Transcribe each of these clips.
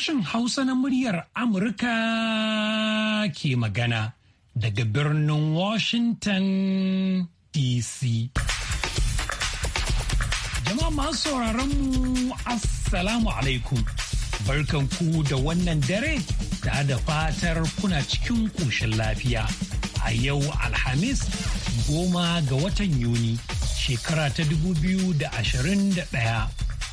sashen Hausa na muryar Amurka ke magana daga birnin Washington DC. Jama'a masu sauraron mu Assalamu alaikum. Barkan ku da wannan dare da da fatar kuna cikin ƙoshin lafiya. A yau Alhamis goma ga watan Yuni shekara ta dubu biyu da da ɗaya.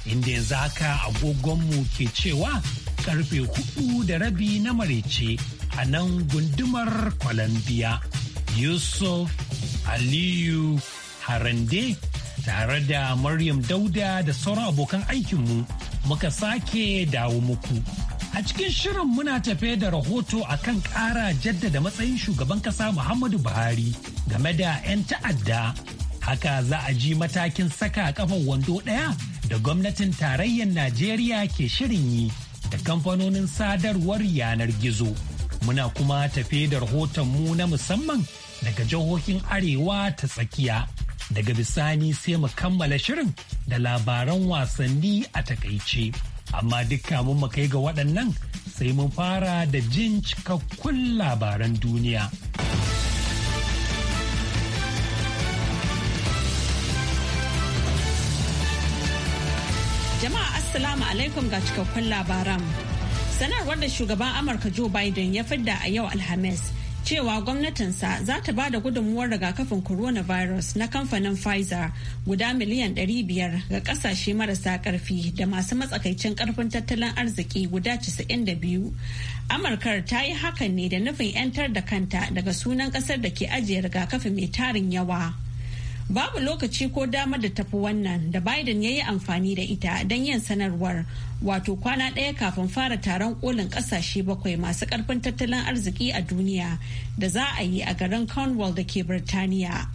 inda yanzu haka agogonmu ke cewa karfe hudu da rabi na marece a nan gundumar Columbia. Yusuf Aliyu Harande tare da Maryam Dauda da sauran abokan aikinmu muka sake dawo muku. A cikin shirin muna tafe da rahoto a kan ƙara jaddada matsayin shugaban ƙasa Muhammadu Buhari game da 'yan ta'adda. Haka za a ji matakin saka kafan wando ɗaya da gwamnatin tarayyar Najeriya ke shirin yi. da kamfanonin sadarwar yanar gizo. Muna kuma tafe da rahoton mu na musamman daga jihohin Arewa ta tsakiya. Daga bisani sai mu kammala shirin da labaran wasanni a takaice. Amma dukka mun mu kai ga waɗannan sai mun fara da jin cikakkun labaran duniya. Assalamu alaikum ga cikakkun labaran. Sanarwar da shugaban Amurka Joe Biden ya fidda a yau Alhamis cewa gwamnatinsa za ta ba da gudunmuwar rigakafin coronavirus na kamfanin Pfizer guda miliyan 500 ga kasashe marasa karfi da masu matsakaicin karfin tattalin arziki guda 92. Amurkar ta yi hakan ne da nufin 'yantar da kanta daga sunan kasar da ke ajiye rigakafi mai tarin yawa. Babu lokaci ko damar da tafi wannan da Biden ya yi amfani da ita don yin sanarwar wato kwana ɗaya kafin fara taron kolin ƙasashe bakwai masu ƙarfin tattalin arziki a duniya da za a yi a garin Cornwall da ke Birtaniya.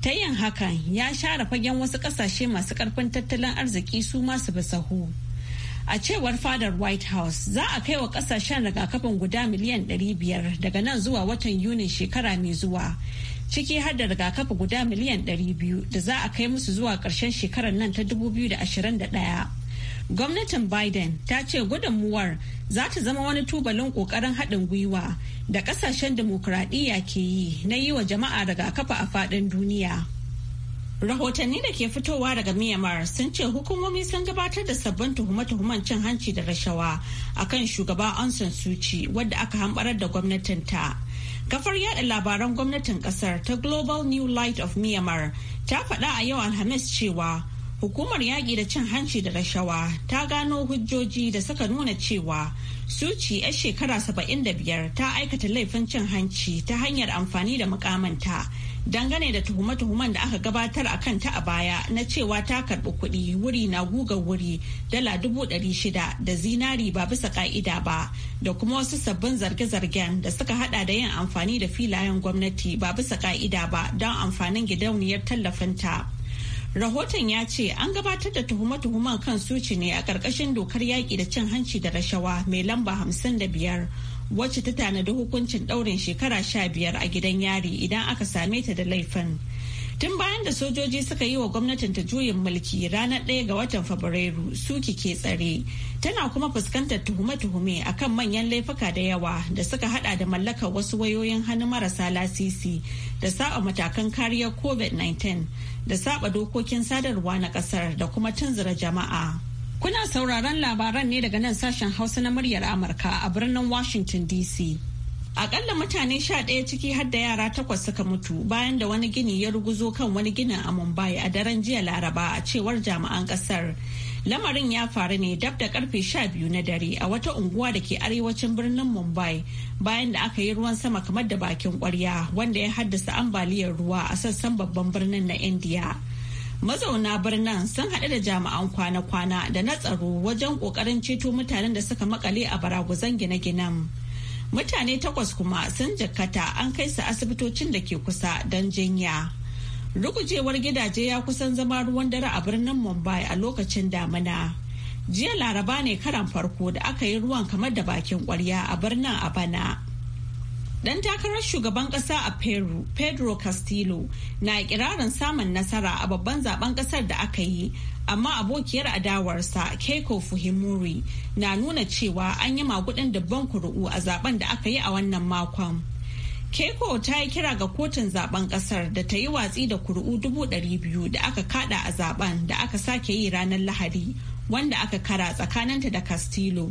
Ta yin hakan ya share fagen wasu ƙasashe masu ƙarfin tattalin arziki su masu basahu. a cewar fadar white house za a kai wa kasashen rigakafin guda miliyan 500 daga nan zuwa watan yunin shekara mai zuwa ciki har da rigakafi guda miliyan 200 da za a kai musu zuwa ƙarshen shekarar nan ta 2021. Gwamnatin Biden ta ce gudunmuwar za ta zama wani tubalin ƙoƙarin haɗin gwiwa da ƙasashen demokuraɗiyya ke yi na yi wa jama'a rigakafi a faɗin duniya. Rahotanni da ke fitowa daga Myanmar sun ce hukumomi sun gabatar da sabbin tuhume-tuhumen cin hanci da rashawa akan shugaba Aung San wadda aka hambarar da gwamnatinta. ta. Kafar yada labaran gwamnatin kasar ta Global New Light of Myanmar ta faɗa a yau Alhamis cewa hukumar yaƙi da cin hanci da rashawa ta gano hujjoji da suka nuna cewa suci 'yar shekara 75 ta aikata laifin cin hanci ta hanyar amfani da mukamanta dangane da tuhume-tuhumen da aka gabatar a kanta a baya na cewa ta karɓi kuɗi wuri na guga wuri dala dubu ɗari shida da zinari ba bisa ƙa'ida ba da kuma wasu sabbin zarge-zargen da suka hada da yin amfani da filayen gwamnati ba bisa ƙa'ida ba don amfanin gidauniyar tallafinta. rahoton ya ce an gabatar da tuhume-tuhumen kan suci ne a ƙarƙashin dokar yaƙi da cin hanci da rashawa mai lamba hamsin da biyar. wacce ta tanadi hukuncin ɗaurin shekara sha biyar a gidan yari idan aka same ta da laifin. Tun bayan da sojoji suka yi wa gwamnatin ta juyin mulki ranar ɗaya ga watan Fabrairu suki ke tsare, tana kuma fuskantar tuhume-tuhume a kan manyan laifuka da yawa da suka hada da mallakar wasu wayoyin hannu marasa lasisi da saba matakan kariyar COVID-19 da saba dokokin sadarwa na ƙasar da kuma tunzura jama'a. Kuna sauraron labaran ne daga nan sashen Hausa na muryar Amurka a birnin Washington DC. Akalla mutane sha ɗaya ciki har da yara takwas suka mutu bayan da wani gini ya ruguzo kan wani ginin a Mumbai a daren jiya Laraba a cewar jami'an ƙasar. Lamarin ya faru ne dab da karfe sha biyu na dare a wata unguwa da ke arewacin birnin Mumbai bayan da aka yi ruwan sama kamar da bakin ƙwarya wanda ya haddasa ambaliyar ruwa a sassan babban birnin na India. mazauna birnin sun haɗu da jami'an kwana-kwana da na tsaro wajen ƙoƙarin ceto mutanen da suka makale a baraguzan gine-ginen mutane takwas kuma sun jikkata an kai su asibitocin da ke kusa don jinya rugujewar gidaje ya kusan zama ruwan dare a birnin mumbai a lokacin damina jiya laraba ne karan farko da aka yi ruwan kamar da bakin kwarya a birnin a bana Dan takarar shugaban kasa a Peru, Pedro Castillo, na kirarin samun nasara a babban zaben kasar da aka yi, amma abokiyar adawarsa Keiko Fuhimuri na nuna cewa an yi magudin dabban kuri'u a zaben da aka yi a wannan makon. Keiko ta yi kira ga kotun zaben kasar da ta yi watsi da kuri'u dubu ɗari biyu da aka kada a zaben da aka sake yi ranar Lahadi, wanda aka kara tsakaninta da Castillo.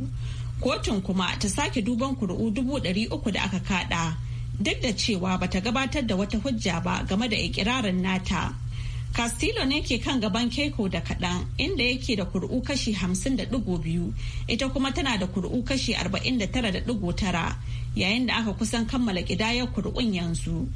kotun kuma ta sake duban kuri'u dubu ɗari uku da aka kada duk da cewa bata gabatar da wata hujja ba game da ikirarin nata castillo ne ke kan gaban keko da kaɗan inda yake da kuri'u kashi hamsin da ɗigo biyu ita kuma tana da kuri'u kashi arba'in da tara da ɗigo tara yayin da aka kusan kammala ƙidayar kuri'un yanzu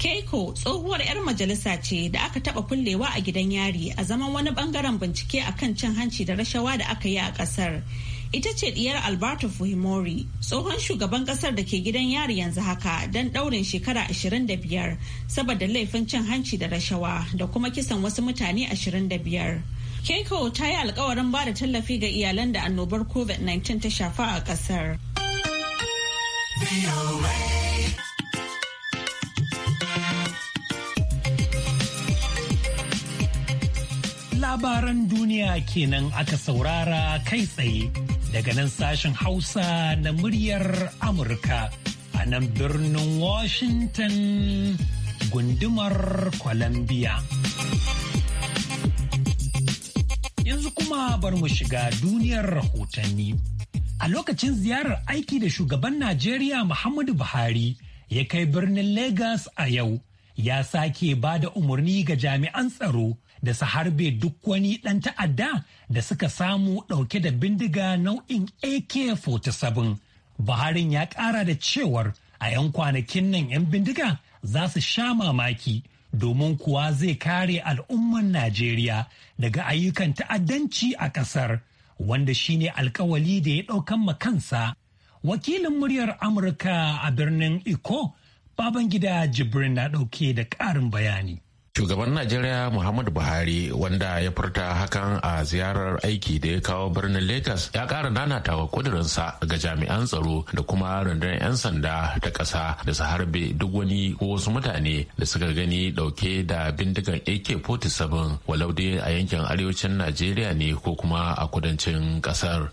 Keiko tsohuwar 'yar majalisa ce da aka taba kullewa a gidan yari a zaman wani bangaren bincike a kan cin hanci da rashawa da aka yi a kasar ita ce diyar alberto fuhimori tsohon shugaban kasar da ke gidan yari yanzu haka don daurin shekara 25 saboda laifin cin hanci da rashawa da kuma kisan wasu mutane 25 keiko ta yi alkawarin ba da tallafi ga iyalan da annobar covid-19 ta shafa a kasar labaran duniya kenan aka saurara kai tsaye daga nan sashen Hausa na muryar Amurka a nan birnin Washington gundumar Columbia. Yanzu kuma bar mu shiga duniyar rahotanni. A lokacin ziyarar aiki da shugaban Najeriya Muhammadu Buhari ya kai birnin Legas a yau, ya sake ba da umarni ga jami'an tsaro da su harbe duk wani ɗan ta'adda da suka samu ɗauke da bindiga nau'in AK-47. Buharin ya ƙara da cewar a 'yan kwanakin nan 'yan bindiga za su sha mamaki domin kuwa zai kare al'umman Najeriya daga ayyukan ta'addanci a ƙasar wanda shine alkawali da ya ɗaukan makansa. Wakilin muryar Amurka a birnin Iko, Babangida Jibrin na ɗauke da ƙarin bayani. Shugaban Najeriya Muhammadu Buhari wanda ya furta hakan a ziyarar aiki da ya kawo birnin Lagos ya ƙara nanatawa kudurinsa ga jami'an tsaro da kuma rundunar 'yan sanda ta ƙasa da su harbe duk wani ko wasu mutane da suka gani ɗauke da bindigan AK-47 walau dai a yankin arewacin Najeriya ne ko kuma a kudancin ƙasar.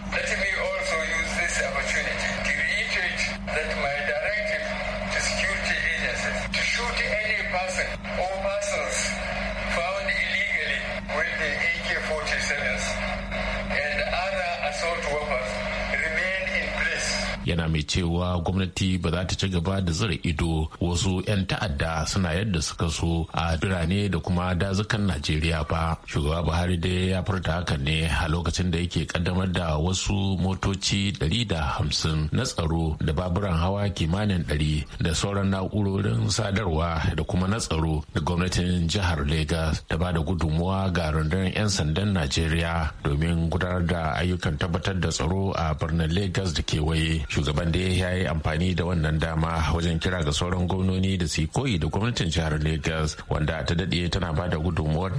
yana mai cewa gwamnati ba za ta ci gaba da zira ido wasu 'yan ta'adda suna yadda suka so a birane da kuma dazukan najeriya ba shugaba buhari dai ya furta hakan ne a lokacin da yake kaddamar da wasu motoci 150 na tsaro da baburan hawa kimanin 100 da sauran na'urorin sadarwa da kuma na tsaro da gwamnatin jihar lagos ta ba da gudunmuwa ga rundunar 'yan sandan najeriya domin gudanar da ayyukan tabbatar da tsaro a birnin lagos da kewaye shugaban da ya yi amfani da wannan dama wajen kira ga sauran gwamnoni da su koyi da gwamnatin jihar lagos wanda ta daɗe tana ba da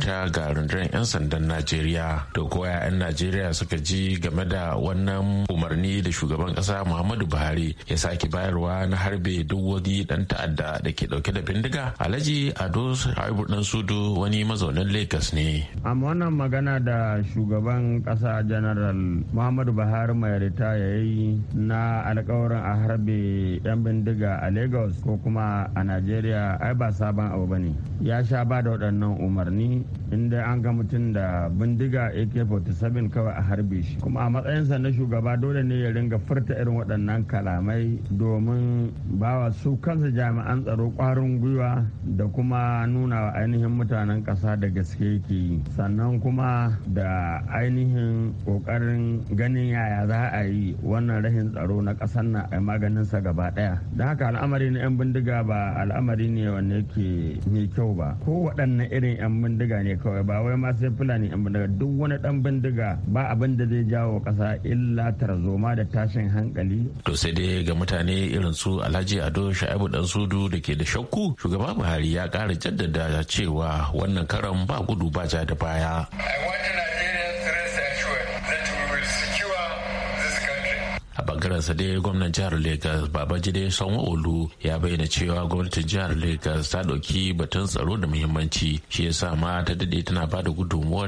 ta ga rundunar 'yan sandan najeriya da koya 'yan najeriya suka ji game da wannan umarni da shugaban ƙasa muhammadu buhari ya sake bayarwa na harbe duk wani dan ta'adda da ke ɗauke da bindiga alhaji ado haibu ɗan sudu wani mazaunin lagos ne. amma wannan magana da shugaban kasa janaral muhammadu buhari mai ritaya yayi na alkawarin a harbe 'yan bindiga a lagos ko kuma a najeriya ai ba sabon abu ba ne ya sha ba da waɗannan umarni inda an ga mutum da bindiga ak-47 kawai a harbe shi kuma a matsayinsa na shugaba dole ne ya ringa furta irin waɗannan kalamai domin bawa su kansa jami'an tsaro ƙwarin gwiwa da kuma nuna wa ainihin mutanen ƙasa da gaske yake yi sannan kuma da ainihin ƙoƙarin ganin yaya za a yi wannan rahin tsaro na ƙasar na a maganin sa gaba ɗaya da haka al'amarin 'yan bindiga ba al'amari ne wanne ke mai kyau ba ko waɗanne irin 'yan bindiga ne kawai ba wai ma sai fulani 'yan bindiga duk wani ɗan bindiga ba abin da zai jawo ƙasa illa tarzoma da tashin hankali. to sai dai ga mutane irin su alhaji ado sha'ibu dan sudu da ke da shakku shugaba buhari ya ƙara jaddada cewa wannan karan ba gudu ba ja da baya. bangaren sa dai gwamnan jihar Lagos Babajide Sanwo-Olu ya bayyana cewa gwamnatin jihar Lagos ta ɗauki batun tsaro da muhimmanci shi yasa ma ta dade tana ba da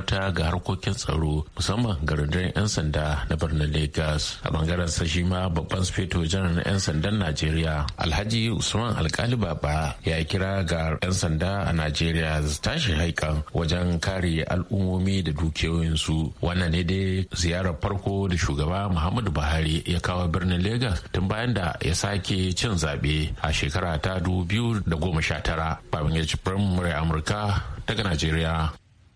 ta ga harkokin tsaro musamman ga rundunar 'yan sanda na birnin Lagos a bangaren sa shi ma babban sufeto janar 'yan sandan Najeriya Alhaji Usman Alkali Baba ya kira ga 'yan sanda a Najeriya su tashi haikan wajen kare al'ummomi da dukiyoyinsu wannan ne dai ziyarar farko da shugaba Muhammadu Buhari ya kawo birnin Legas tun bayan da ya sake cin zaɓe a shekara ta 2019. Babin ya ci murai Amurka daga Najeriya.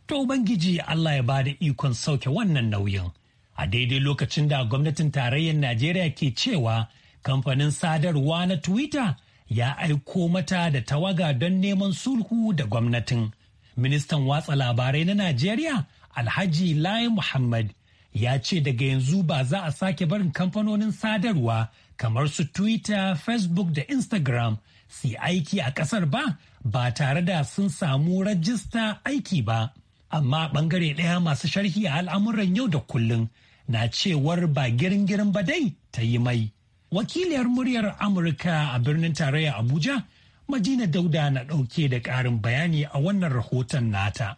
To Ubangiji Allah ya ba da ikon sauke wannan nauyin. A daidai lokacin da gwamnatin tarayyar Najeriya ke cewa kamfanin sadarwa na Twitter ya aiko mata da tawaga don neman sulhu da gwamnatin. Ministan watsa labarai na Najeriya Alhaji Lai Muhammad ya ce daga yanzu ba za a sake barin kamfanonin sadarwa kamar su Twitter, Facebook da Instagram su aiki a ƙasar ba ba tare da sun samu rajista aiki ba. Amma ɓangare ɗaya masu sharhi a al'amuran yau da kullum na cewar ba girin-girin ba dai ta yi mai. Wakiliyar muryar Amurka a birnin tarayya Abuja, Madina Dauda na ɗauke da ƙarin bayani a wannan rahoton nata.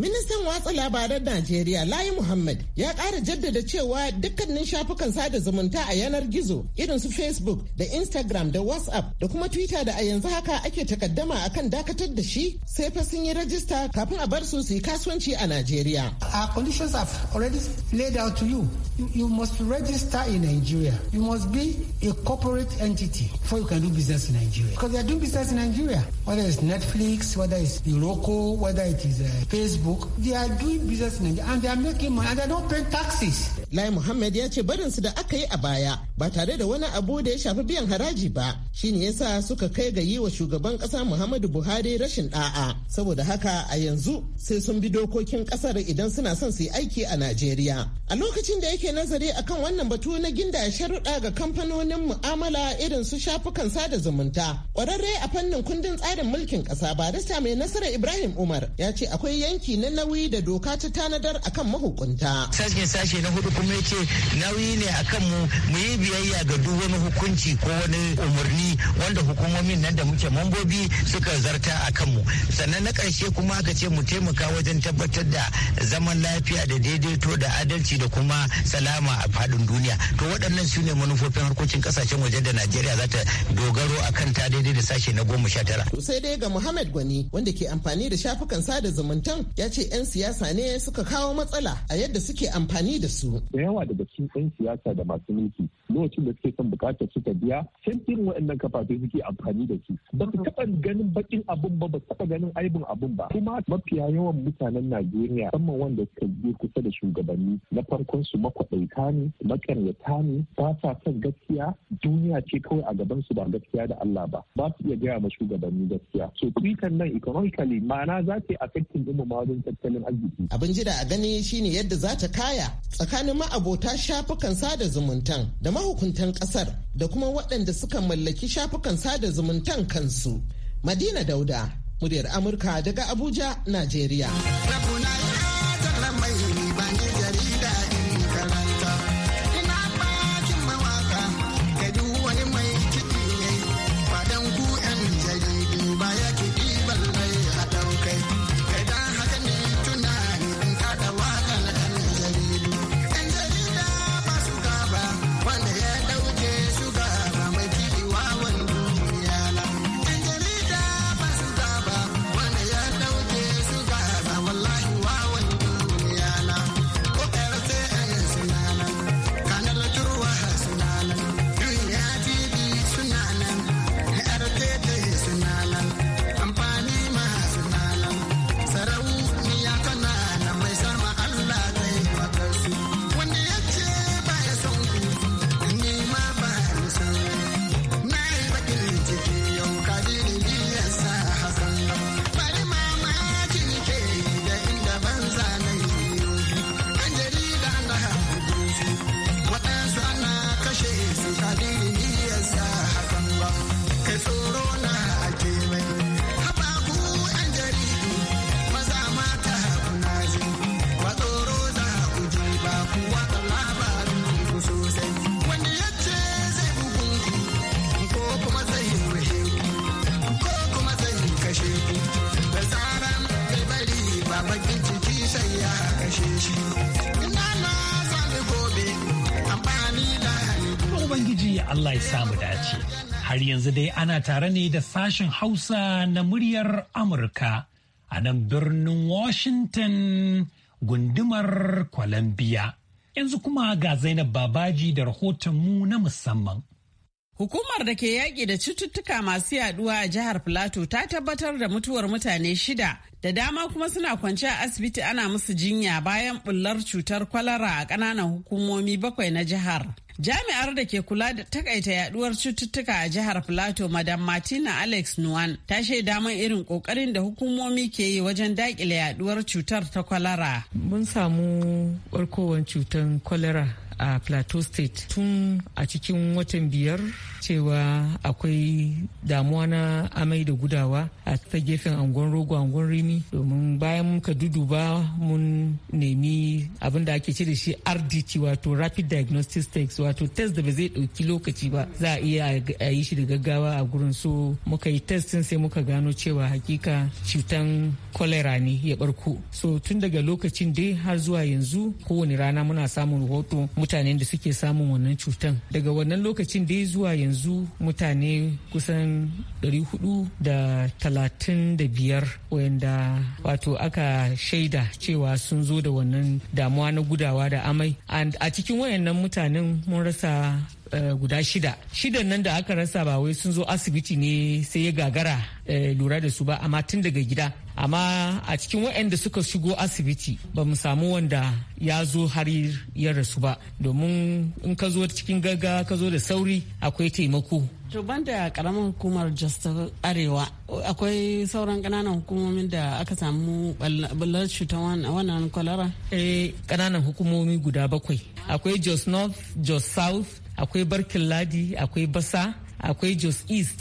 Ministan watsa labaran Najeriya Layi Muhammad ya ƙara jaddada cewa dukkanin shafukan sada zumunta a yanar gizo irin su Facebook da Instagram da WhatsApp da kuma Twitter da a yanzu haka ake takaddama akan dakatar da shi sai fa sun yi rajista kafin a bar su su yi kasuwanci a Najeriya. Our conditions have already laid out to you. you. You must register in Nigeria. You must be a corporate entity before you can do business in Nigeria. Because they are doing business in Nigeria. Whether it's Netflix, whether it's Iroko, whether it is uh, Facebook, Facebook, they are doing business in and they are making money and they don't pay taxes. Lai Muhammad ya ce barinsu da aka yi a baya ba tare da wani abu da ya shafi biyan haraji ba shi shine yasa suka kai ga yi wa shugaban ƙasa Muhammadu Buhari rashin ɗa'a saboda haka a yanzu sai sun bi dokokin ƙasar idan suna son su yi aiki a Najeriya. A lokacin da yake nazari akan wannan batu na ginda sharuɗa ga kamfanonin mu'amala irin su shafukan sada zumunta. Ƙwararre a fannin kundin tsarin mulkin ƙasa barista mai nasarar Ibrahim Umar ya ce akwai yanki ina na nauyi da doka ta tanadar akan mahukunta. Sashe sashe na hudu kuma yake nauyi ne akan mu mu yi biyayya ga duk wani hukunci ko wani umarni wanda hukumomin nan da muke mambobi suka zarta a kanmu. Sannan na ƙarshe kuma aka ce mu taimaka wajen tabbatar da zaman lafiya da daidaito da adalci da kuma salama a faɗin duniya. To waɗannan su ne manufofin harkokin ƙasashen waje da Najeriya za ta dogaro a kan ta daidai da sashe na goma sha tara. To dai ga Muhammad Gwani wanda ke amfani da shafukan sada zumuntan ya ya ce 'yan siyasa ne suka kawo matsala a yadda suke amfani da su. Da yawa daga cikin 'yan siyasa da masu mulki lokacin da suke son bukatar suka biya sai irin waɗannan kafafe suke amfani da su. Ba su taɓa ganin baƙin abun ba ba su taɓa ganin aibin abun ba. Kuma mafiya yawan mutanen Najeriya musamman wanda suka je kusa da shugabanni na farkon su makwaɗaita ne makaryata ne ba sa son gaskiya duniya ce kawai a gaban su ba gaskiya da Allah ba ba su iya gaya ma shugabanni gaskiya. So tweetan nan economically ma'ana za ta yi affecting ɗin mu sha'anin tattalin arziki. Abin jira a gani shine yadda za ta kaya tsakanin ma'abota shafukan sada zumuntan da mahukuntan kasar da kuma waɗanda suka mallaki shafukan sada zumuntan kansu. Madina Dauda, muryar Amurka daga Abuja, Najeriya. Allah ya samu dace. Har yanzu dai ana tare ne da sashen Hausa na muryar Amurka a nan birnin Washington gundumar Columbia. Yanzu kuma ga Zainab Babaji da rahoton mu na musamman. Hukumar da ke yaƙi da cututtuka masu yaduwa a jihar Filato ta tabbatar da mutuwar mutane shida da dama kuma suna kwance a asibiti ana musu jinya bayan bullar cutar kwalara a ƙananan hukumomi bakwai na jihar. Jami'ar da ke kula da takaita yaduwar cututtuka a jihar Filato Madam Martina Alex Nuwan ta shaida man irin ƙoƙarin da hukumomi ke yi wajen daƙile yaduwar cutar ta kwalara. Mun samu barkowar cutar kwalara a plateau state tun a cikin watan biyar cewa akwai damuwa na amai da gudawa a ta gefen angon rogo angon rimi domin bayan muka duduba mun nemi abin da ake ce da shi rdt wato rapid diagnostic test wato test da ba zai dauki lokaci ba za a iya a yi shi da gaggawa a gurin so muka yi testin sai muka gano cewa hakika cutan cholera ne ya barko so tun daga lokacin dai har zuwa yanzu kowane rana muna samun rahoto mutanen da suke samun wannan cutan daga wannan lokacin dai zuwa yanzu mutane kusan 435 wanda wato aka shaida cewa sun zo da wannan damuwa na gudawa da amai a cikin wayannan mutanen mun rasa Eh, guda shida shida nan da aka rasa ba wai sun zo asibiti ne sai ya gagara eh, lura da su ba amma tun daga gida amma a cikin waɗanda suka shigo asibiti ba mu samu wanda ya zo har ya rasu ba domin in ka zo cikin gaga ka zo da sauri akwai taimako to da karamar hukumar just arewa akwai sauran kananan hukumomin da aka samu ballar cutar wannan kwalara eh kananan hukumomi guda bakwai akwai jos north jos south akwai barkin ladi akwai basa akwai jos east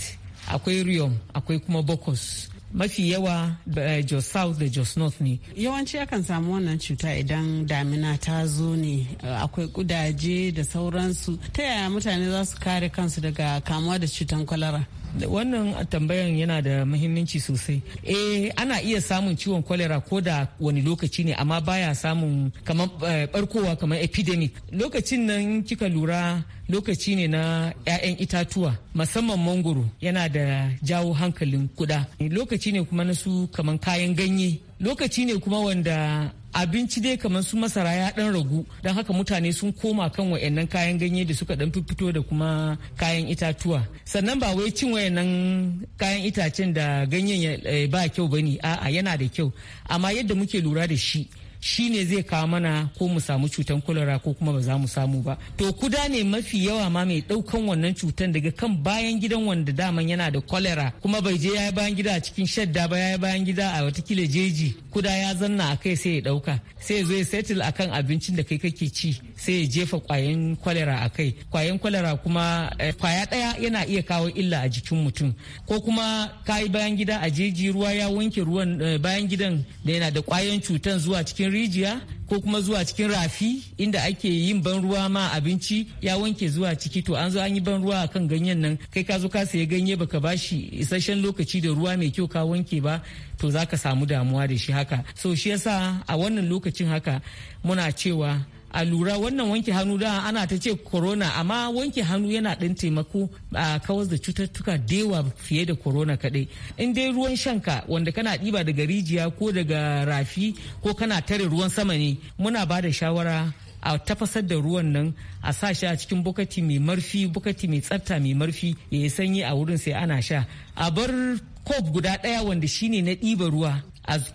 akwai riom akwai kuma bokos mafi yawa eh, jos south da jos north ne yawanci akan samu wannan cuta idan damina ta zo ne eh, akwai kudaje da sauransu ta yaya mutane za su kare kansu daga kamuwa da cutan kwalara wannan tambayan yana da muhimmanci sosai eh ana iya samun ciwon kwalera ko da wani lokaci ne amma baya samun kamar eh, barkowa kamar epidemic lokacin nan kika lura lokaci ne na 'ya'yan itatuwa musamman mangoro yana da jawo hankalin kuda lokaci ne kuma na su kamar kayan ganye lokaci ne kuma wanda abinci dai kamar su masara ya dan ragu don haka mutane sun koma kan wayannan kayan ganye da suka dan fito da kuma kayan itatuwa sannan ba wai cin wayannan kayan itacen da ganyen eh, ba kyau bane a'a yana da kyau amma yadda muke lura da shi shine zai kawo mana ko mu samu cutan kulara ko kuma ba za mu samu ba to kuda ne mafi yawa ma mai daukan wannan cutan daga kan bayan gidan wanda daman yana da kulara kuma bai je yayi bayan gida a cikin shadda ba yayi bayan gida a watakila jeji kuda ya zanna a kai sai ya dauka sai zo ya settle akan abincin da kai kake ci sai ya jefa kwayan kwalara a kai kwayan kwalara kuma kwaya eh, daya yana iya kawo illa a jikin mutum ko kuma kayi bayan gida a jeji ruwa ya wanke ruwan eh, bayan gidan da yana da kwayan cutan zuwa cikin rijiya ko kuma zuwa cikin rafi inda ake yin ban ruwa ma abinci ya wanke zuwa ciki to an zo an yi ban ruwa a kan ganyen nan kai ka zo ka sayi ganye baka shi isasshen lokaci da ruwa mai kyau ka wanke ba to za ka samu damuwa da shi haka so shi yasa a wannan lokacin haka muna cewa a lura wannan wanke hannu da ana ta ce corona amma wanke hannu yana ɗan taimako a kawar da cututtuka dewa fiye da corona kaɗai in dai ruwan shanka wanda kana ɗiba daga rijiya ko daga rafi ko kana tare ruwan sama ne muna ba da shawara a tafasar da ruwan nan a sa sha a cikin bukati mai marfi bukati mai tsafta mai marfi ya yi sanyi a wurin sai ana sha a bar kof guda ɗaya wanda shine na ɗiba ruwa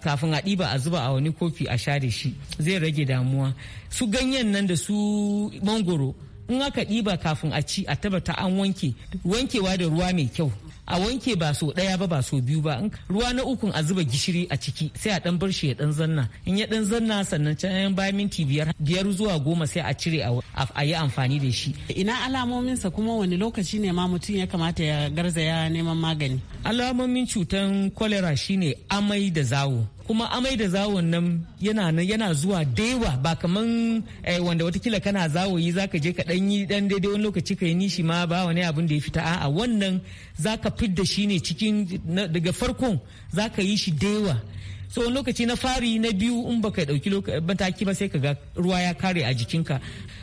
kafin a ɗiba a zuba a wani kofi a share shi zai rage damuwa su ganyen nan da su mangoro in aka ɗiba kafin a ci a tabbata an wanke wankewa da ruwa mai kyau a wanke ba so ɗaya ba ba so biyu ba ruwa na ukun a zuba gishiri a ciki sai a dan bar shi ya dan zanna in ya dan zanna sannan can bayan minti biyar biyar zuwa goma sai a cire a yi amfani da shi ina alamominsa kuma wani lokaci ne ma mutum ya kamata ya garzaya neman magani alamomin cutan kwalera shine amai da zawo kuma amai da zawon nan yana nan yana zuwa dewa ba kaman eh, wanda watakila kana zawo yi zaka je ka dan yi dan daidai wani lokaci ka yi nishi ma ba wani abin da ya fita a'a wannan zaka fidda shi ne cikin daga farkon zaka yi shi dewa so wani lokaci na fari na biyu in baka dauki mataki ba sai ka ga ruwa ya kare a jikinka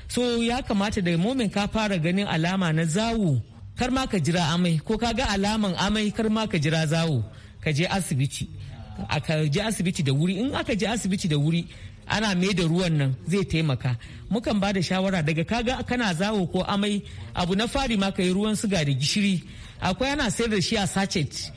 so ya kamata da momin ka fara ganin alama na zawo kar ma ka jira amai ko ka ga alaman amai kar ma ka jira zawo ka je asibiti aka je asibiti da wuri in aka je asibiti da wuri ana mai da ruwan nan zai taimaka mukan ba da shawara daga kaga kana zawo ko amai abu na fari ma ka yi ruwan suga da gishiri akwai ana sayar da shi a sachet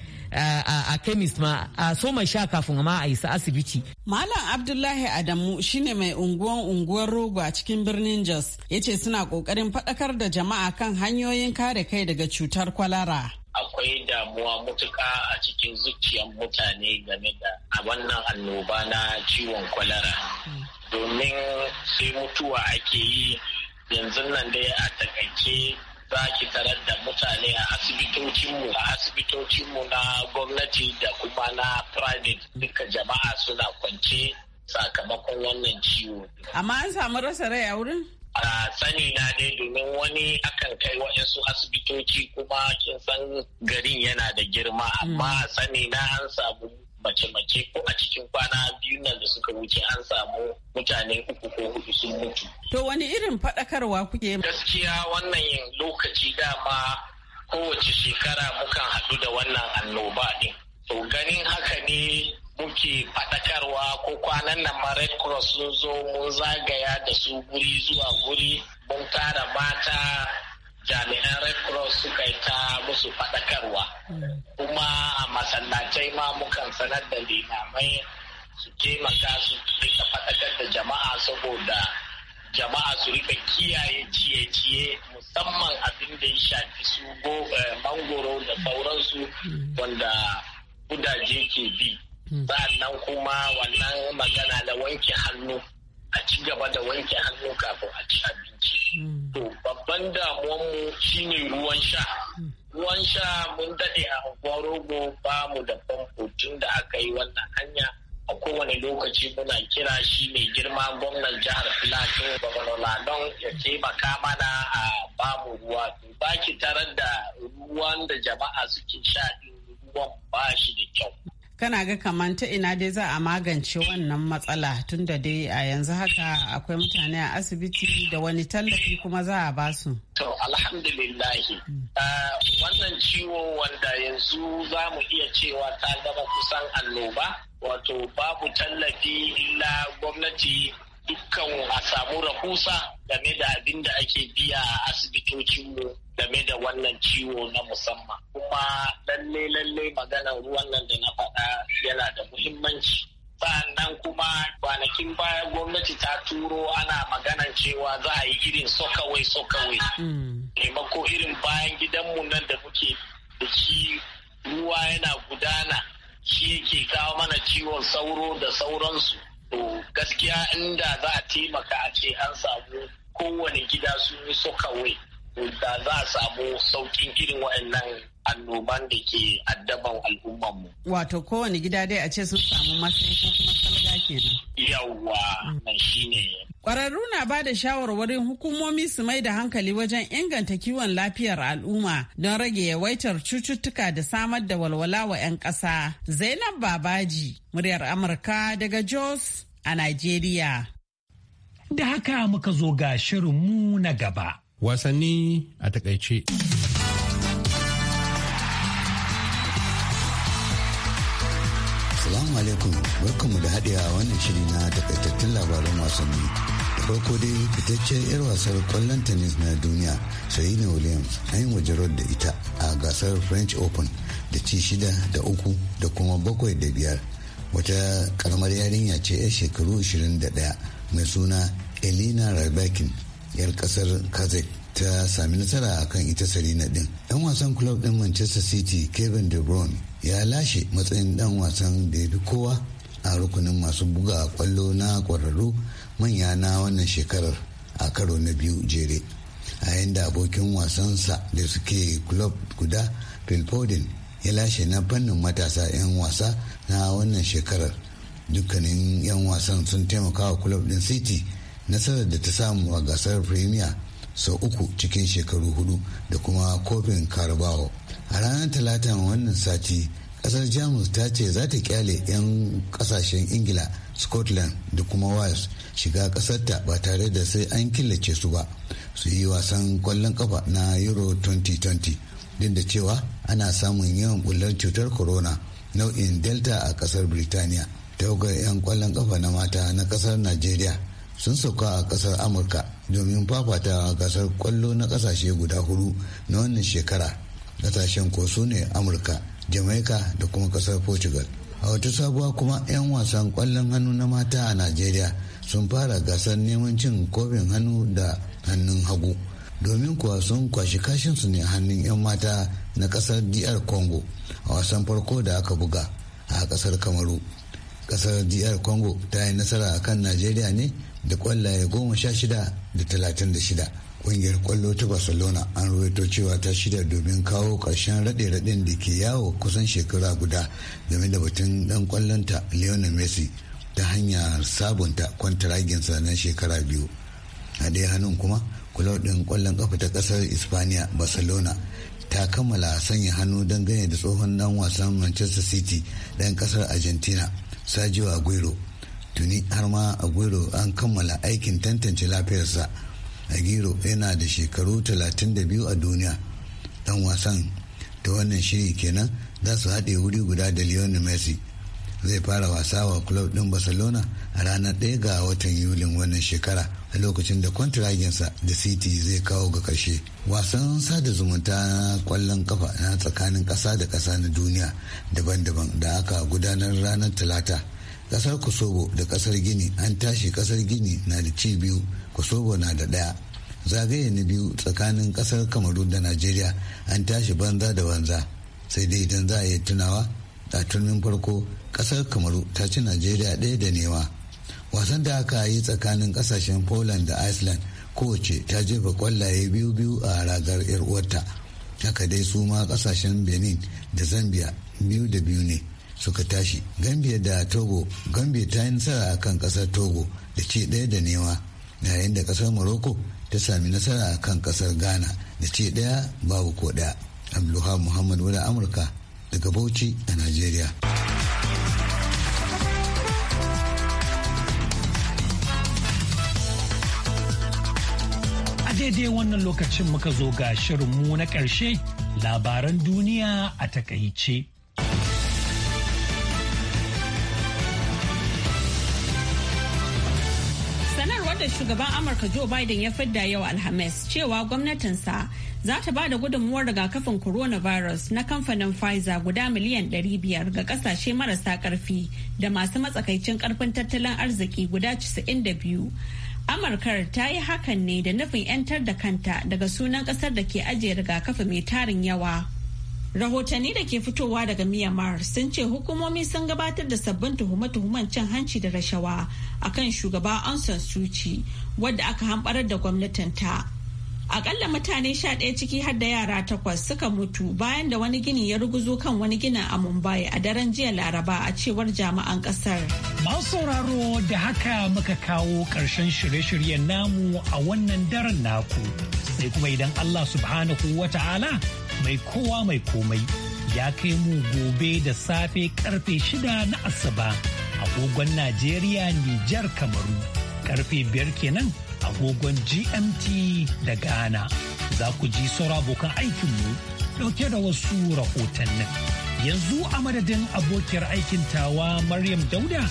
a chemist ma a so mai sha kafin ma a isa asibiti. Malam Abdullahi Adamu shine mai unguwan unguwar rogo a cikin birnin Jos ya ce suna kokarin fadakar da jama'a kan hanyoyin kare kai daga cutar kwalara. akwai damuwa mutuka a cikin zuciyar mutane game da a wannan annoba na ciwon kwalara domin sai mutuwa ake yi yanzu nan dai a takaice za ki tarar da mutane a asibitocinmu a asibitocinmu na gwamnati da kuma na private duka jama'a suna kwance sakamakon wannan ciwo amma an samu rasa rai a wurin a sani na dai domin wani akan kai waɗansu asibitoci kuma kin san garin yana da girma amma mm. a sani na an samu mace-mace ko a cikin kwana biyu nan da suka wuce an samu mutane uku ko hudu sun mutu. To wani irin faɗakarwa kuke? Gaskiya wannan lokaci dama kowace shekara mukan haɗu da wannan annoba ɗin. To ganin haka ne muke faɗakarwa ko kwanan nan ma red cross sun zo mun zagaya da su guri zuwa guri mun tara mata jami'an red cross suka yi ta musu faɗakarwa kuma a masallatai ma mukan sanar da limamai su taimaka su rika faɗakar da jama'a saboda jama'a su rika kiyaye ciye-ciye musamman abin da ya shafi su eh, mangoro da sauransu mm. wanda kudaje ke bi. sannan kuma wannan magana da wanke hannu a ci gaba da wanke hannu kafin a ci abinci mm. to babban damuwanmu shine ruwan sha ruwan sha mun daɗe a unguwar rogo ba mu da famfo tun da aka yi wannan hanya a kowane lokaci muna kira shi mai girma gwamnan jihar filato gwamnan ladon ya taimaka mana a ba mu ruwa ba ki tarar da ruwan da jama'a suke sha ɗin ruwan ba shi da kyau kana ga kaman ta ina dai za a magance wannan matsala tun da dai a yanzu haka akwai mutane a asibiti da wani tallafi kuma za a basu. To alhamdulillahi mm. ah, wannan ciwo wanda yanzu za mu iya cewa ta gama kusan annoba wato babu tallafi illa gwamnati dukkan a samu rahusa game da abin da ake biya a asibitocinmu game da wannan ciwo na musamman kuma lalle lalle maganar ruwan nan da na faɗa yana da muhimmanci sannan kuma kwanakin baya gwamnati ta turo ana maganan cewa za a yi irin sokawai sokawai maimako irin bayan gidanmu nan da muke da shi ruwa yana gudana shi yake kawo mana ciwon sauro da sauransu to gaskiya inda za a taimaka a ce an samu kowane gida sun yi sokawai da za a samu saukin irin waɗannan annoban da ke addaban al'ummanmu. Wato kowane gida dai a ce sun samu masai ko kuma salga kenan. Yawwa, nan ne. Ƙwararru na ba da shawarwarin hukumomi su mai da hankali wajen inganta kiwon lafiyar al'umma don rage yawaitar cututtuka da samar da walwala wa 'yan ƙasa. Zainab Babaji, muryar Amurka daga Jos a Najeriya. Da haka muka zo ga shirinmu na gaba. Wasanni a takaice. barkanmu da haɗe a wannan shiri na takaitattun labaran wasanni da farko dai fitaccen 'yar wasar kwallon tennis na duniya serena williams an yi wajerar da ita a gasar french open da ci shida da uku da kuma bakwai da biyar wata karamar yarinya ce 'yar shekaru 21 mai suna elina rabakin 'yar kasar kazak ta sami nasara a kan ita Serena din. ɗan wasan club din Manchester City Kevin De Bruyne ya lashe matsayin dan wasan da ya fi kowa a rukunin masu buga kwallo na kwararru manya na wannan shekarar a karo na biyu jere a yadda abokin wasansa da suke club guda phil ya lashe na fannin matasa 'yan wasa na wannan shekarar dukkanin 'yan wasan sun taimaka wa club din city nasarar da ta samu a gasar premier sau uku cikin shekaru hudu da kuma kofin carabao a ranar talata wannan sati kasar jamus ta ce za ta kyale 'yan kasashen ingila scotland da kuma wales shiga kasarta ba tare da sai an killace su ba su yi wasan kwallon kafa na euro 2020 din da cewa ana samun yawan bullar cutar corona nau'in delta a kasar birtaniya tawagar 'yan kwallon kafa na mata na kasar nigeria sun sauka a kasar amurka domin fafata gasar kwallo na kasashe guda hudu na wannan shekara kasashen ko su ne amurka jamaica da kuma kasar portugal a wata sabuwa kuma 'yan wasan kwallon hannu na mata a nigeria sun fara gasar neman cin kofin hannu da hannun hagu domin kuwa sun kwashi kashinsu ne hannun 'yan mata na kasar dr congo a wasan farko da aka buga a kasar kamaru kasar dr congo ta yi nasara a kan nigeria ne da kwallaye goma sha shida da talatin da shida Ƙungiyar kwallo ta Barcelona an ruwaito cewa ta shirya domin kawo ƙarshen raɗe-raɗen da ke yawo kusan shekara guda game da batun ɗan kwallonta Lionel Messi ta hanyar sabunta kwantaraginsa na shekara biyu. A dai hannun kuma, kula din kwallon ƙafa ta ƙasar Ispaniya Barcelona ta kammala sanya hannu don dangane da tsohon dan wasan Manchester City ɗan ƙasar Argentina Sergio Aguero. Tuni har ma Aguero an kammala aikin tantance lafiyarsa. agiro yana da shekaru 32 a duniya dan wasan da wannan shiri kenan za su haɗe wuri guda da lionel messi zai fara wasa wa club din barcelona a ranar 1 ga watan yulin wannan shekara a lokacin da kwantiraginsa da city zai kawo ga ƙarshe wasan sada zumunta na kwallon kafa na tsakanin ƙasa da ƙasa na duniya daban-daban da aka gudanar ranar talata ƙasar kosovo da ƙasar gini an tashi ƙasar gini na da ci biyu kosovo na da ɗaya zagaye na biyu tsakanin ƙasar kamaru da najeriya an tashi banza da banza sai dai idan za a yi tunawa a turmin farko ƙasar kamaru ta ci najeriya ɗaya da nema wasan da aka yi tsakanin ƙasashen poland da iceland kowace ta jefa kwallaye biyu biyu a ragar 'yar uwarta haka dai su ma ƙasashen benin da zambia biyu da biyu ne suka tashi gambia da togo gambia ta yi nasara a kan kasar togo da ce ɗaya da nema yayin da kasar morocco ta sami nasara a kan kasar ghana da ce daya babu ko daya abdulluha muhammad wani amurka daga bauchi a nigeria a daidai wannan lokacin muka zo ga shirinmu na ƙarshe labaran duniya a takaice. shugaban Amurka Joe Biden ya fidda yau Alhamis cewa gwamnatinsa za ta ba da gudunmuwar rigakafin coronavirus na kamfanin Pfizer guda miliyan 500 ga kasashe marasa karfi da masu matsakaicin karfin tattalin arziki guda 92. Amurkar ta yi hakan ne da nufin 'yantar da kanta daga sunan kasar da ke ajiye rigakafi mai tarin yawa Rahotanni da ke fitowa daga Myanmar sun ce hukumomi sun gabatar da sabbin tuhume-tuhumen cin hanci da rashawa a kan shugaba Aung San wadda aka hamɓarar da gwamnatinta. Akalla mutane sha ɗaya ciki har da yara takwas suka mutu bayan da wani gini ya ruguzo kan wani ginin a Mumbai a daren jiya Laraba a cewar jama'an ƙasar. Masu sauraro da haka muka kawo ƙarshen shirye-shiryen namu a wannan daren naku sai kuma idan Allah subhanahu wa ta'ala mai kowa mai komai ya kai mu gobe da safe karfe shida na asaba agogon Najeriya Nijar Kamaru karfe biyar kenan agogon GMT da Ghana za ku ji saura abokan aikinmu dauke da wasu rahotannin. Yanzu a madadin abokiyar aikin tawa Maryam Dauda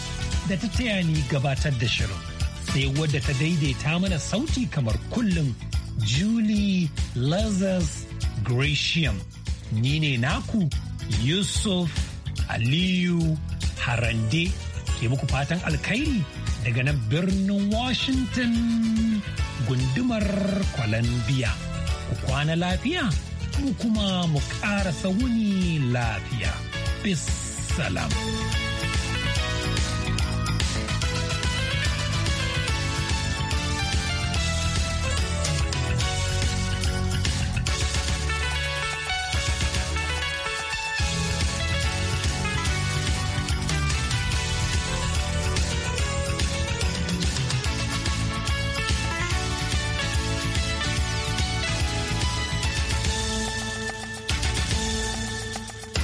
da ta taya ni gabatar da shirin sai wadda ta daidaita mana sauti kamar kullum Julie Lazarus Gratiam. Ni ne naku Yusuf Aliyu Harande ke muku fatan alkhairi daga nan birnin Washington gundumar Columbia. Ku kwana lafiya, mu kuma mu ƙara wuni lafiya. Bis salam.